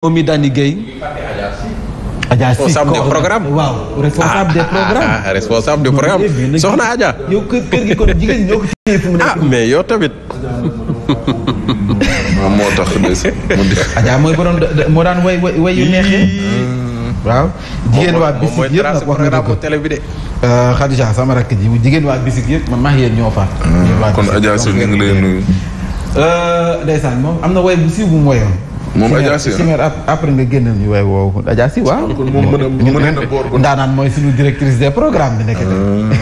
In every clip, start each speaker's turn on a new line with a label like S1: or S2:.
S1: moom mi daan liggéey. Adja ah, ah, eh, soxna Adja. yow kër gi ah, moo tax des mu di. Adja moo daan way way yu neexee. Hmm. waaw jigéen waa bisik yëpp nag euh, sama rakk ji jigéen waa bisik yëpp man maa ngi yéen hmm. kon Adja si ñu euh, am na way bu siiw bu moom Adja Sy après nga génnal ñu waay woowu Adja Sy waaw. kon moom mën a boor ko ndaanaan mooy suñu directrice des programmes bi nekk ah,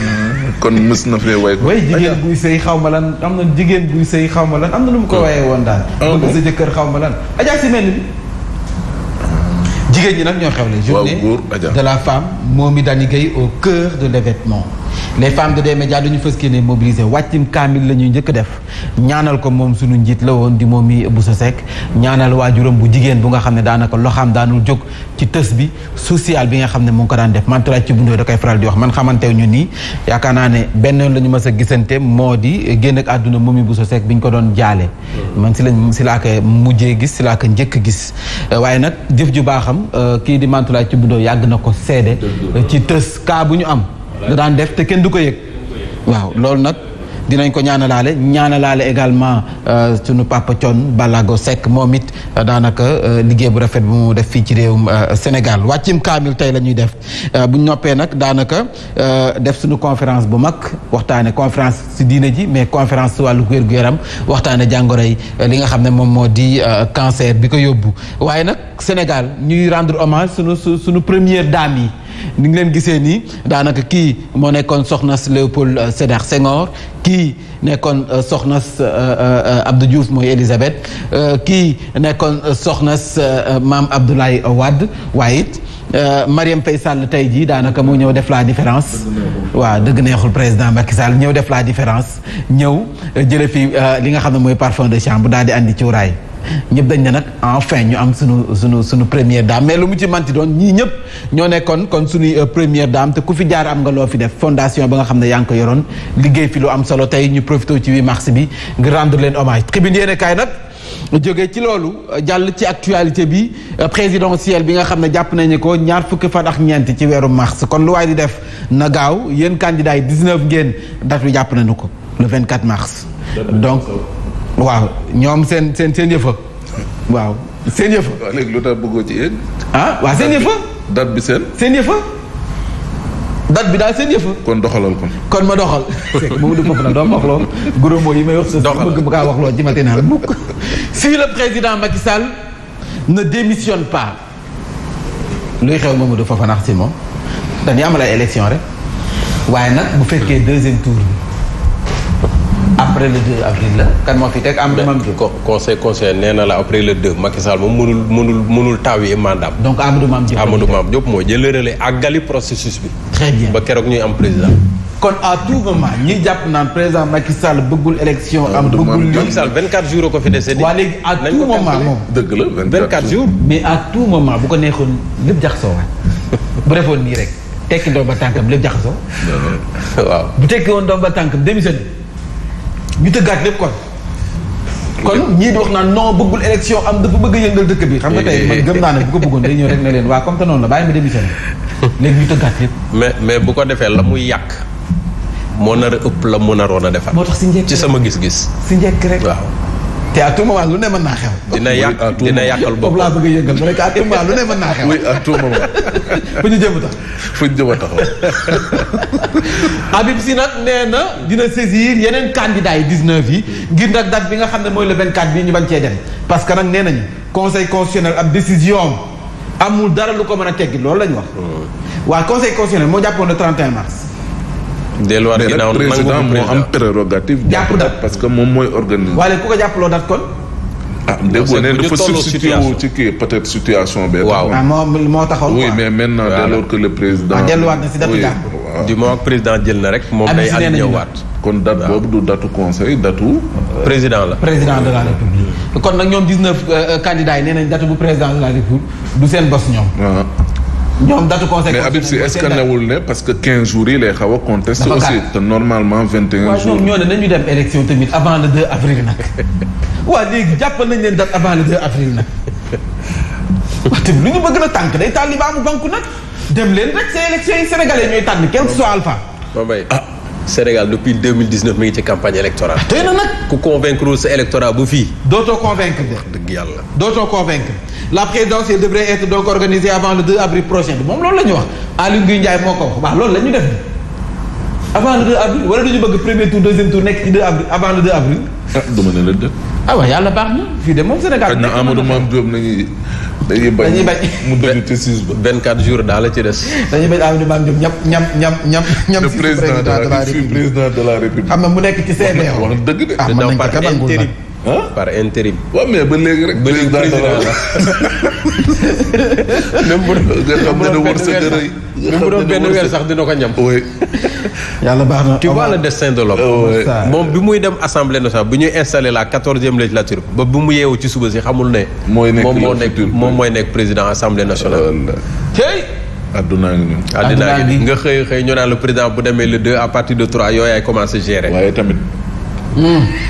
S2: kon mës na fee way ko. way jigéen
S1: buy sëy xaw ma lan am na jigéen buy sëy xaw ma lan am na lu mu ko wayee woon daal. Ah, bëgg sa jëkkër xaw ma lan Adja Sy mel ni. jigéen ñi nag ñoo xew la journée de la moom Momy Dani Gueye au cœur de l'événement les femmes de D-Média dañu fës kee ne mobilisé wàccim kaamil la ñuy njëkk def ñaanal ko moom suñu njiit la woon di moom yi Bousso Seck ñaanal waajuram bu jigéen bu nga xam ne daanaka loxaam daanul jóg ci tës bi social bi nga xam ne mu ngi ko daan def mantulaaj ci bundoo da koy faral di wax man xamantew ñu nii yaakaar naa ne benn yoon la ñu mës a gisante moo di génn àdduna moom yi Bousso Seck bi ñu ko doon jaale man si lañ si laa ko mujjee gis si laa ko njëkk gis waaye nag jëf ju baaxam kii di mantulaaj ci bundoo yàgg na ko seede ci tës kaa bu ñu am da daan def te kenn du ko yëg waaw loolu nag dinañ ko ñaanalaale ñaanalaale également euh, sunu papa Thione Ballago Seck moom it euh, daanaka euh, liggéey bu rafet bu mu def fii ci réewum Sénégal wàccim kaamil tey lañuy def bu ñu noppee nag daanaka def sunu conférence bu mag waxtaane conférence si diine ji mais conférence wàllu wér-gu-yaram waxtaane jàngoro yi li nga xam ne moom moo di cancer bi ko yóbbu waaye nag Sénégal ñuy rendre hommage sunu première dame yi ni ngi leen gisee nii daanaka kii moo nekkoon soxnas Léopold euh, Sédar Senghor kii nekkoon euh, soxnas euh, Abdou Diouf mooy Élisabeth kii nekkoon soxnas maam Abdoulaye Wade waaye it Mariam Faye Sall tey jii daanaka moo ñëw def la différence waaw dëgg neexul président Macky Sall ñëw def la différence ñëw jële fi li nga xam ne mooy parfum de chambre daal di andi cuuraay ñëpp dañ ne nag fin ñu am sunu sunu sunu première dame mais lu mu ci manti doon ñii ñëpp ñoo nekkoon kon sunuy euh, première dame te ku fi jaar am nga loo fi def fondation ba nga xam ne yaa ngi ko yoroon liggéey fi lu am solo tey ñu profité ci 8 mars bi nga rendre leen hommage tribune yéene kaay nag jóge ci loolu jàll ci actualité bi euh, présidentielle bi nga xam ne jàpp nañu ko ñaar fukki fan ak ñeent ci weeru mars kon lu waay di def na gaaw yéen candidats yi 19 ngeen datu jàpp nañu ko le 24 mars donc waaw ñoom seen seen seen yëfa waaw
S2: seen yëfa. waaw léegi lu tax
S1: bëggoo ci yéen. ah waaw seen yëfa. bi seen. seen yëfa. date bi daal seen yëfa. kon doxalal kon. kon ma doxal. c'est que Mamadou Fofana doo ma wax loo gros mots yi may wax. doxal bëgg bu kaa wax loo ci matinal mukk si le président Macky Sall ne démissionne pas luy xew Mamadou Fofana si moom dañuy amal ay élection rek waaye nag bu fekkee deuxième tour bi. après le 2 avril la. kan moo fi teg am na Mamadou. con conseil conseil nee na la après le 2 Macky Sall moom mënul mënul mënul taawee mandat am. donc Amadou Mame Diop Amadou Mame Diop moo jël relais àggali bi. très bien ba keroog ñuy am président. kon à tout moment ñi jàpp naan président Macky bëggul élection am bëggul lii Macky Sall 24 jours ko fi dese. waa léegi à tout moment moom dëgg la 24 jours. mais à tout moment bu ko neexoon lépp jaxasoo bu defoon nii rek tekki ñu tëggaat lépp kon. kon ñii di wax naan noo bëggul élection am dafa bëgg a yëngal dëkk bi xam nga tey man gëm naa ne bu ko bëggoon day ñëw rek ne leen waa comme te noonu la bàyyi ma démissionné léegi ñu tëggaat lépp. mais mais bu ko defee la muy yàq moo nar ëpp la mu naroon a defar. moo tax si ci sama gis-gis. si njekk rek waaw. yaa à tout moment lu ne mën naa xew. dina yàq dina bopp laa bëgg a yëngal ma ne ko à lu ne mën naa xew. fu ñu jëm tax. fu ñu jëm taxaw. Habib Sy nag nee na dina saisir yeneen candidats yi 19 yi ngir nag date bi nga xam ne mooy le 24 bii ñu bañ cee dem parce que nag nee nañu conseil constitutionnel ab décision amul dara lu ko mën a teggi loolu la ñu wax. Hmm. waa conseil constitutionnel moo jàppoon le 31 mars.
S2: delluwaat ginnaaw moo am prérogative. jàpp date parce que moom mooy organiser. waaye ku
S1: ko jàppaloo date kon.
S2: ah déggoo ne dafa substitué wu ah, moo
S1: moo taxoon quoi oui mais
S2: maintenant dès lors que le président. Ah, jël na rek. moom day ànd ñëwaat. kon date boobu du datu conseil datu. Euh, président la président de la république.
S1: kon nag ñoom 19 euh, euh, candidats yi nee nañ du seen bos ñoom.
S2: Ah. ñoom datu conseil mais Habib Sy est-ce que newul parce que 15 jours yi lay xaw a contesté aussi te normalement 21 jours. waaw ñoom
S1: ñoo ne nañu dem élection tamit avant le 2 avril nag waaw léegi jàppal nañ leen date avant le 2 avril nag waaw tamit lu ñu bëgg na tànk day tàlibaamu leen rek ces élections yi sénégalais ñooy tànn quel que soit alpha. Sénégal depuis 2019 mi ngi ci campagne électorale. tey na nag. ku convaincre sa électorat bu fii. dootoo convaincre de. dëgg yàlla. dootoo convaincre la présidentielle devrait être donc organisée avant le 2 avril prochain moom lool la ñu wax Aliou Ngouille Ndiaye moo ko wax waaw loolu la ñu def avant le avril wala dañu bëgg premier tour deuxième tour nekk ci avril avant le avril.
S2: Ah, ah yàlla baax na fii de moom Sénégal. nekk na Amadou Mame Diop nañuy. dañuy bañ mu dëgg te siis ba.
S1: 24 jours daal la ci des. dañuy bañ Amadou Mame Diop ñam ñam ñam ñam. ñam si président de la président de la république. xam nga mu nekk ci CEDEAO wax dëgg de. ah mën nañu
S2: ko ah par intérim. waaw ba léegi rek. ba léegi président bu doon benn
S1: weer sax dina ko ñam. oui. yàlla baax na tu vois le destin de l'homme. moom bi muy dem assemblée nationale bi ñuy installé la quatorzième législature ba bi mu yeewu ci suba si xamul ne. mooy nekk moom moo nekk moom mooy nekk président assemblée nationale. tey. addunaa ngi nii. addunaa ngi nii nga xëy xëy ñu naan le président bu demee le deux à partir de trois yooyaay commencé gérer. waaye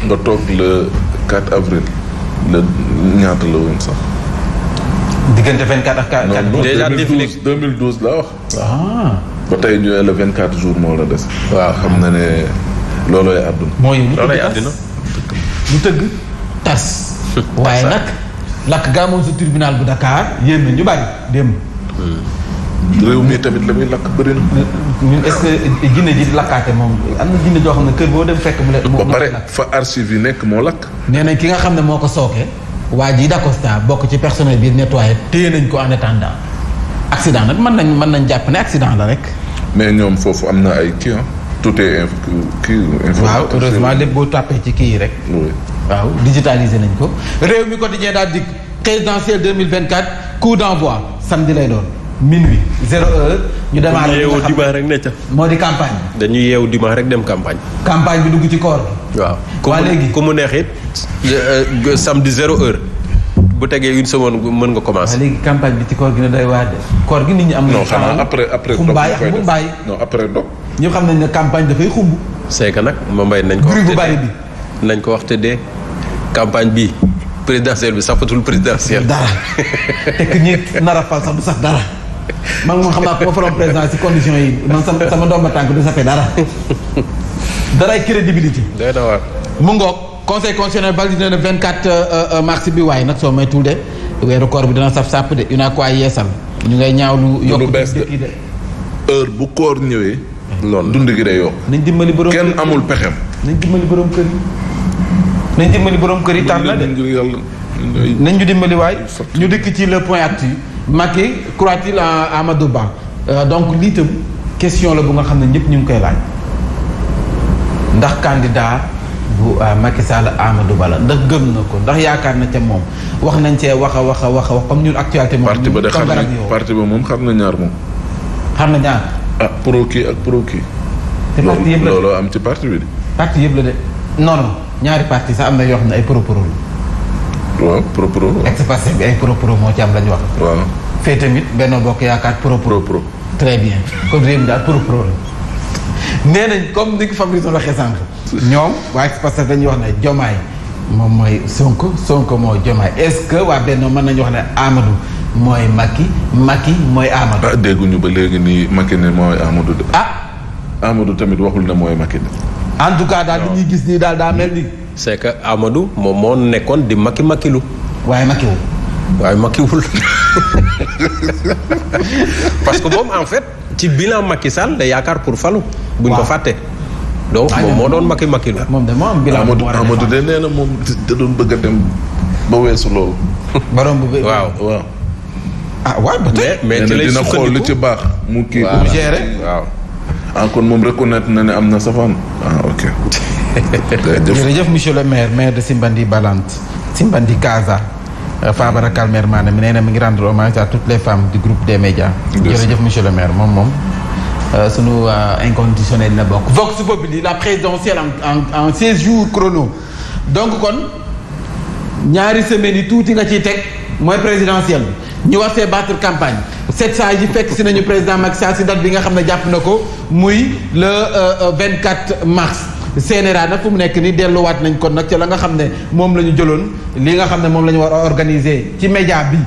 S1: nga toog le 4 avril
S2: le ñaata la woon sax.
S1: diggante 24 ak 4. non non déjà 2012
S2: 2012 laa wax. ah. ba tey ñu ne le 24 jours moo la des. waa xam na ne loolooy àdduna. mooy loolooy
S1: lu tëgg tas. waaye nag lakk gaa moom sa tribunal bu Dakar yéen ñu bari dem.
S2: réew mi tamit la muy lakk bëri na. ñun est-ce que jinne ji lakkaate moom am na jinne joo xam ne kër boo dem fekk mu la. moo lakk.
S1: nee nañ ki nga xam ne moo ko sooke. waa ji Dacosta bokk ci personnel bi nettoyé téye nañ ko en attendant accident nag mën nañ mën nañ jàpp ne accident la rek.
S2: mais ñoom foofu am na ay kii ah, tout est inf kii. waaw
S1: boo tàppee ci kii yi rek. waaw digitalisé nañ ko. réew mi quotidien daal di présidentielle 2024 coup d'envoi samedi lay doon. minuit zéro heure. ñu démarré ñu yeewu dimanche rek ne ca. moo di campagne bi. dañuy yeewu dimanche rek dem campagne. campagne bi dugg ci koor waaw waa léegi ku mu neex it euh, samedi zéro heure. bu tegee une semaine mën nga commencé. waaw campagne bi ci koor gi na doy waar de. koor ñi am. non xanaa après après. dog mu bàyyi non après dog. ñëpp xam nañ ne campagne dafay xumb. c'est nag ma mbay nañ ko. bu bari bi nañ ko wax te de campagne bi présidentielle bi safatul présidentielle. dara te que ñi nar a fal sax du sax dara. man moo xam naa ko faroon président si condition yi man sama sama ndomba tànk du sape dara daray crédibilité day mu ngoog conseil constitutionnel validé le 24 mars bi waaye nag soo moytuwul de weeru koor bi dana saf sàpp de UNACOIS yeesal ñu ngay ñaawlu yokk dëkk de
S2: heure bu koor ñëwee
S1: loolu dund gi day yokk nañ dimbali borom kenn amul pexem nañ dimbali borom kër yi nañ dimbali borom kër yi tànn de nañ ñu dimbaliwaay waay. ñu dëkk ci le point actu. Macky croit-il Amadou Ba euh, donc lii itam question la bu nga xam ne ñëpp ñu ngi koy laaj ndax candidat bu euh, Macky Sall Amadou Ba la ndax gëm na ko ndax yaakaar na ca moom wax nañ cee wax a wax a wax comme ñu actualité moom. parti ba de xam na
S2: parti ba moom xam na ñaar moom.
S1: xam na ñaar. ah pro kii ak pro te parti yëpp la de am ci parti bi yëpp la de non non ñaari parti sax am na yoo xam ne ay pro pro la. waaw pro pro. ex-Pastef bi ay pro pro moo ci am la ñu wax. waaw fee tamit Benno Bokk Yaakaar pro pro. pro très bien kon réew mi daal pro pro la. nee nañ comme ni ko Fabrice doon waxee sànq. ñoom waa ex-Pastef dañuy wax ne Jomaay moom mooy Sonko Sonko mooy Jomaay est-ce que waa Benno mën nañu wax ne Amadou. mooy Macky Macky mooy Amadou.
S2: ah dégguñu ba léegi nii Macky ne mooy Amadou de.
S1: ah. Amadou tamit waxul ne mooy Macky de. en tout cas daal li ñuy gis nii daal daa mel ni. c' est que Amadou moom moo nekkoon di makki makkilu. waaye makkiwul. waaye parce que moom en fait ci bilan Macky Sall la yaakaar pour falu. buñ ko fàtte. donc moom moo doon makki makkilu. moom de moo na moom
S2: da doon bëgg a dem ba weesu loolu. waaw waaw. Ah, mais mais dina xool ci baax. mu kii mu gérer waaw. ah kon moom reconnaître na ne am na safaan. Ah, ok. jërëjëf
S1: monsieur le maire maire de Simbandi Balante Simbandi Casa euh, a Kalmer maanaam nee na mi ngi rendre hommage à toutes les femmes du groupe des médias jërëjëf monsieur le maire moom moom euh, sunu euh, inconditionnel la bokk Vox Populi la présidentielle en en seize jours chrono donc kon ñaari semaines yi tuuti nga ci teg mooy présidentielle bi ñu war see battre campagne sept sages yi fekk si nañu président Macky Sall si date bi nga xam ne jàpp na ko muy le 24 mars CNRA nag fu mu nekk ni delluwaat nañ kon nag ci la nga xam ne moom la ñu jëloon li nga xam ne moom la ñu war a organiser ci média bi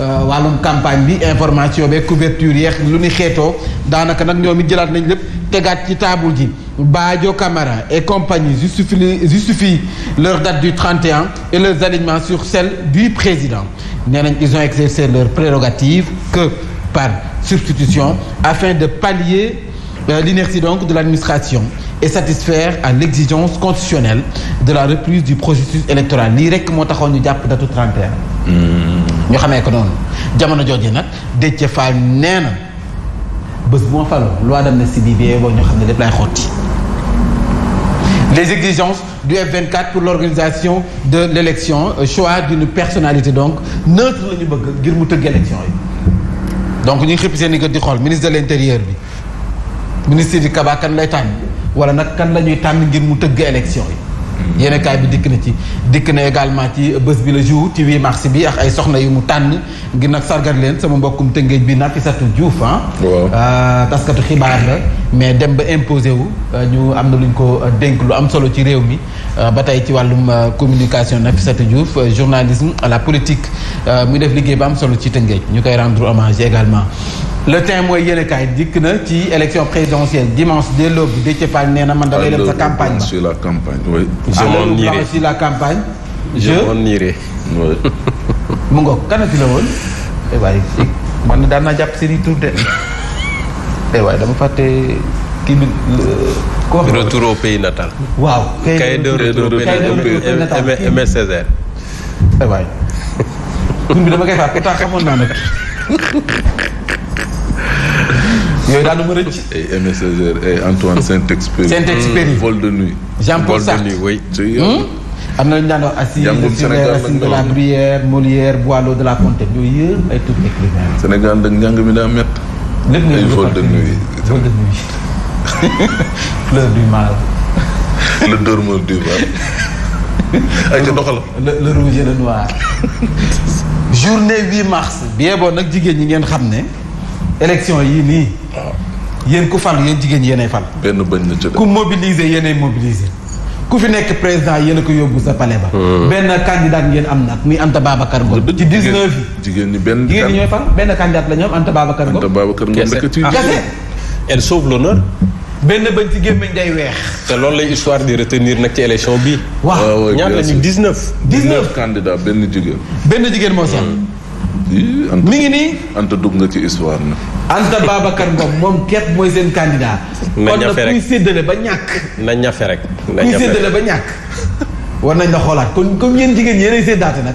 S1: euh, wàllum campagne bi information bi couverture yeex lu ni xeetoo daanaka nag ñoom it jëlaat nañ lépp tegaat ci taabul ji Badio Camara et compagnie justifie justifie leur date du 31 et leurs alignements sur celle du président nee nañ ils ont exercé leur prérogative que par substitution afin de pallier euh, l'inertie donc de l'administration et satisfaire à l'exigence constitutionnelle de la reprise du processus électoral lii rek moo taxoon ñu jàpp datu 31. Hmm. ñu xamee ko noonu jamono jooju nag Déthié Fall nee na bés bu ma faloo loi d'amnistie bi bee boo ñu xam ne lépp lay xotti. les exigences du F24 pour l'organisation de l'élection euh, choix d'une personnalité donc neutre la ñu bëgg ngir mu tëgg élection yi donc ñu ngi xëpp seen ni gët di xool ministre de l'intérieur bi ministre di kabakan kan lay wala nag kan la ñuy tànn ngir mu tëgg élection yi. Hmm. yéen kaay bi dikk na ci dikk na également ci bés bi la jour ci 8 mars bi ak ay soxna yu mu tànn ngir nag sargal leen sama mbokkum tëngéej bi Nafisatou Diouf ah. waaw euh, taskatu xibaar la. mais dem ba imposé wu euh, ñu am na lu ñu ko euh, dénk lu am solo ci réew mi ba tey ci wàllum communication Nafisatou Diouf journalisme à la politique muy def liggéey bi am solo ci tëngéej ñu koy rendre hommage également. le temps mooy yéen kaay dikk na ci élection présidentielle dimanche dès l'aube Déthié Fall nee man damay dem sa campagne ba sur la
S2: campagne oui. je
S1: m'en la woon. Eh man daan jàpp seen i tur de. Eh waaye dama fàtte kii retour au pays natal. waaw cahier de retour au pays natal Aimé Césaire. eh waay. tur bi dama koy fàtte pourtant xamoon naa nag. yooyu daal du ma rëcc.
S2: ay MSG ay Antoine Saint-Exupéry. Saint-Exupéry mm. vol de nuit. Jean-Paul Sartre vol de nuit am na lu
S1: ñu daan wax Assise Racine de la Bruyère Molière Boileau de la Fontaine
S2: Sénégal nag njàng mi daa métti. lépp ay vol de nuit
S1: vol de nuit. fleur du mal. le dormeur du mal. ay ca doxal. le le rouge et noir. journée mars. bien bon nag jigéen ñi ngeen xam ne. élection yii nii. yéen ku fal yéen jigéen yéenay fal. benn bañ na ci ku mobiliser yéenay mobiliser. ku fi nekk président yéen ko yóbbu sa palais ba. Hmm. benn candidat ngeen am nag muy Anta Babacar Ngom. ci 19 yi jigéen ñi benn. jigéen ñi ñooy fal benn candidat la ñoom Anta Babacar Ngom. Anta Babacar Ngom rek ci elle benn bañ ci gémmiñ day weex. te loolu lay histoire di retenir nag ci élection bii. waaw ñaar lañu 19. 19 candidats benn jigéen. benn jigéen moo si
S2: mi ngi nii. Anta dugg nga ci histoire na.
S1: Anta Babacar Ngom moom ket mooy seen candidat. na ñafe rek séddale ba ñàkk. na ñafe rek. na ñafe rek séddale ba ñàkk. war nañ la xoolaat kon comme yéen jigéen yéenay séddaate nag.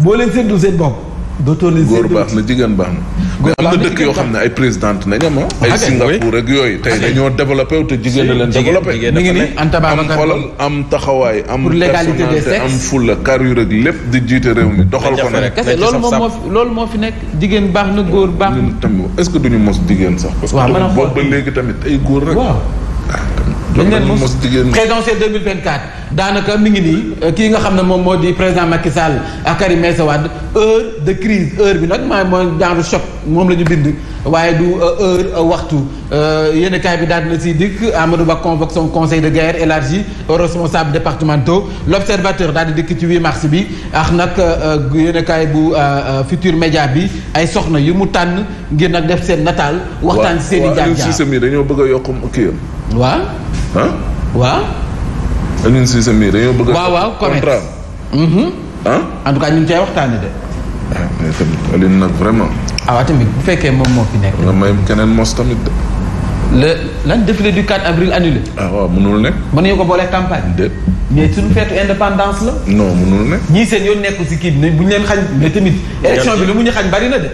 S1: boo leen séddu seen bopp dootoo góor baax na jigéen
S2: baax na. am na dëkk yoo xam ne ay présidente nañ am ah. ay Singapour ak yooyu tey dañoo développé wu te jigéen na leen développé mi ngi ni am xolal am taxawaay am personnalité am fulla carrure ak lépp di jiite réew mi doxal ko nag kese loolu moom moo
S1: loolu moo fi nekk jigéen
S2: baax na góor baax na tamit est-ce que duñu mos jigéen sax parce que boobu ba léegi tamit ay góor rek dañ leen mos présidentielle
S1: 2024 daanaka mi ngi nii euh, kii nga xam ne moom moo di président Macky Sall ak Karim Meïssa Wade heure de crise heure bi nag maa mooy genre choc moom la ñu bind waaye du euh, heure euh, waxtu yéen kaay bi daal na si dikk Amadou Ba convoque conseil de guerre élargi aux responsables départementaux l' observateur daal di dikk ci 8 mars bi ak nag yéen kaay bu futur média bi ay soxna yu mu tànn ngir nag def seen nataal waxtaan ci seen i jaar
S2: dañoo bëgg yokk kii waaw ah. waaw. Alioune Cissé mii dañoo bëgg a. waaw waaw correct ah. en
S1: tout ñu ngi cay waxtaanee de.
S2: ah mais tamit Alioune nag vraiment.
S1: ah tamit bu fekkee moom moo fi nekk. nga may keneen mos tamit de. le lan défilé du 4 avril annulé. ah waaw mënul nekk. mënuñu ko boole campagne. déet. mais suñu feetu indépendance la. non mënul nekk. ñii seen yoon nekkul si kii bi bu ñu leen xañ. mais tamit élection bi lu mu ñu xañ bari na de.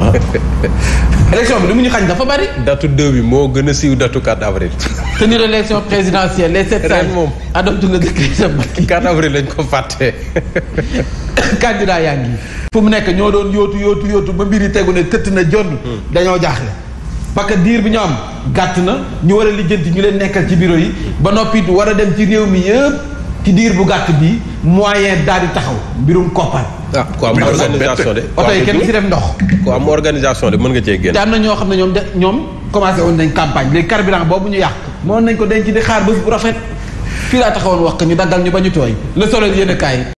S1: Ah. élection bi lu mu ñu xañ dafa bari. datu 2 bi moo gën a siiw datu 4 avril. tenue de l'élection présidentielle les sept sages moom adopté le décret de Macky. 4 avril lañ ko fàtte. candidat yaa ngi fu mu nekk ñoo doon yootu yootu yootu ba mbir yi tegu ne tëtt na jonn hmm. dañoo jaaxle. parce que diir bi ñoo am gàtt na ñu war a lijjanti ñu leen nekkal ci bureau yi ba noppi war a dem ci réew mi yëpp. ci diir bu gàtt bi moyen daal di taxaw mbirum koppar. ah ku am organisation de. oto yi kenn si def ndox. ku am organisation de mën nga cee génn. te am na ñoo xam ne ñoom de ñoom commencé woon nañ campagne léegi carburant boobu ñu yàq. mënoon nañ ko denc di xaar bés bu rafet fii laa taxawoon wax ko ñu daggal ñu ba ñu tooy. le soleil yéen a kaay.